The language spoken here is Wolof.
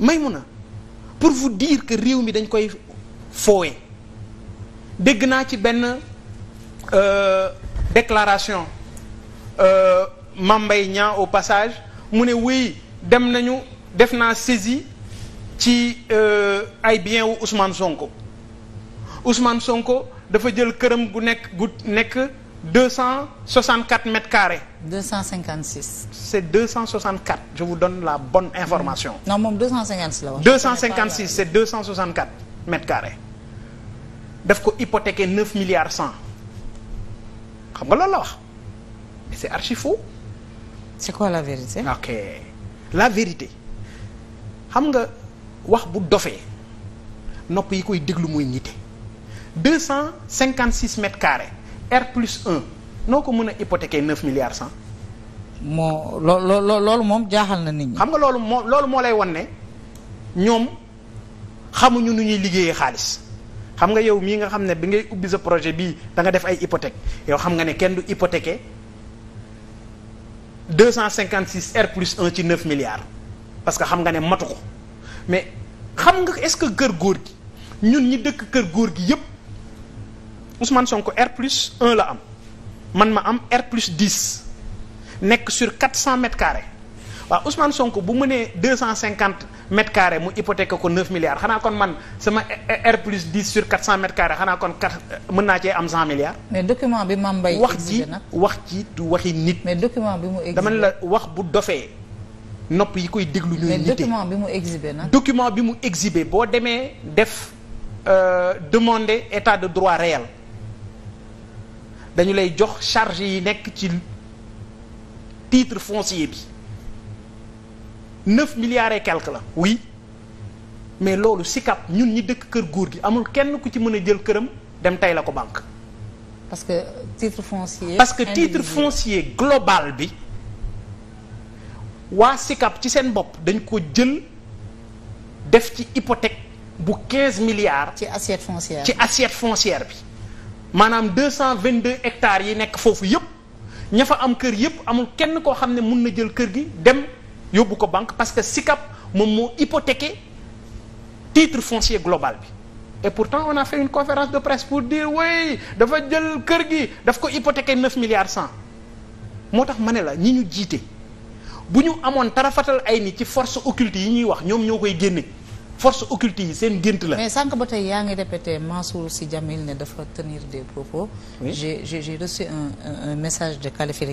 may Maymuna pour vous dire que réew mi dañ koy foowe dégg naa ci benn euh, déclaration euh, Mambay Niang au passage mu ne oui dem nañu def naa saisie ci euh, ay bien wu Ousmane Sonko Ousmane Sonko dafa jël këram gu nekk gu nekk deux cent soixante quatre mètres carrés. deux cent cinquante six. c'est deux cent soixante quatre je vous donne la bonne information. non moom deux cent cinquante six la wax. deux cent cinquante six c'est deux cent soixante quatre mètres carrés daf ko hypothéquer neuf milliards cent xam nga loolu la wax mais c'est archi faux. c'est quoi la vérité. ok la vérité xam nga wax bu dofee nopp yi koy déglu mooy ñite deux cent cinquante six mètres carrés. R plus 1 noo ko mën a hypothéquer 9 milliards 100. moo loo loo loolu moom jaaxal na nit ñi. xam nga loolu moo loolu moo lay wan ne ñoom xamuñu nu ñuy liggéeyee xaalis xam nga yow mii nga xam ne bi ngay ubbi sa projet bii danga def ay hypothèque yow xam nga ne kenn du hypothéquer 256 R plus 1 ci 9 milliards parce que xam nga ne matu ko mais xam nga est-ce que kër góor gi ñun ñi dëkk kër góor gi yépp Ousmane sonk R plus 1 la am man ma am R plus 10 nekk sur 400 mètres carrés waaw Ousmane Sonko bu mënee 250 mètres carrés mu hypothèque ko 9 milliards xanaa kon man sama R plus 10 sur 400 mètres carrés xanaa kon kat mën naa cee am 100 milliards. mais document bi Mame Mbaye wax ci wax ci du waxi nit. mais document bi mu dama la wax bu dofee nopp yi koy déglu. ñooy nite mais document bi mu exhibé nag. document bi mu exhibé boo demee def euh, demander état de droit réel. dañu lay jox charge yi nekk ci titre foncier bi neuf milliards et quelque la oui mais loolu sikap ñun ñi dëkk kër góor gi amul kenn ku ci mën a jël këram dem tey la ko banque parce que titre foncier parce que titre foncier global bi waa sikap ci seen bopp dañ ko jël def ci hypothèque bu quinze milliards ci assiette foncière ci assiette foncière bi maanaam deux cent vingt deux hectares yi nekk foofu yëpp ña fa am kër yëpp amul kenn koo xam ne mun na jël kër gi dem yóbbu ko banque parce que SICAP moom moo hypothéqué titre foncier global bi et pourtant on a fait une conférence de presse pour dire oui dafa jël kër gi daf ko hypothéqué neuf milliards cent moo tax ma ne la ñi ñu jiite bu ñu amoon tarafatal ay ni ci force occulte yi ñuy wax ñoom ñoo koy génne force occulte yi seen gént la. mais sànq ba tey yaa ngi répété Mansour Sy Djamil ne dafa tenir des propos. oui j'ai j'ai reçu un un message de Khalifa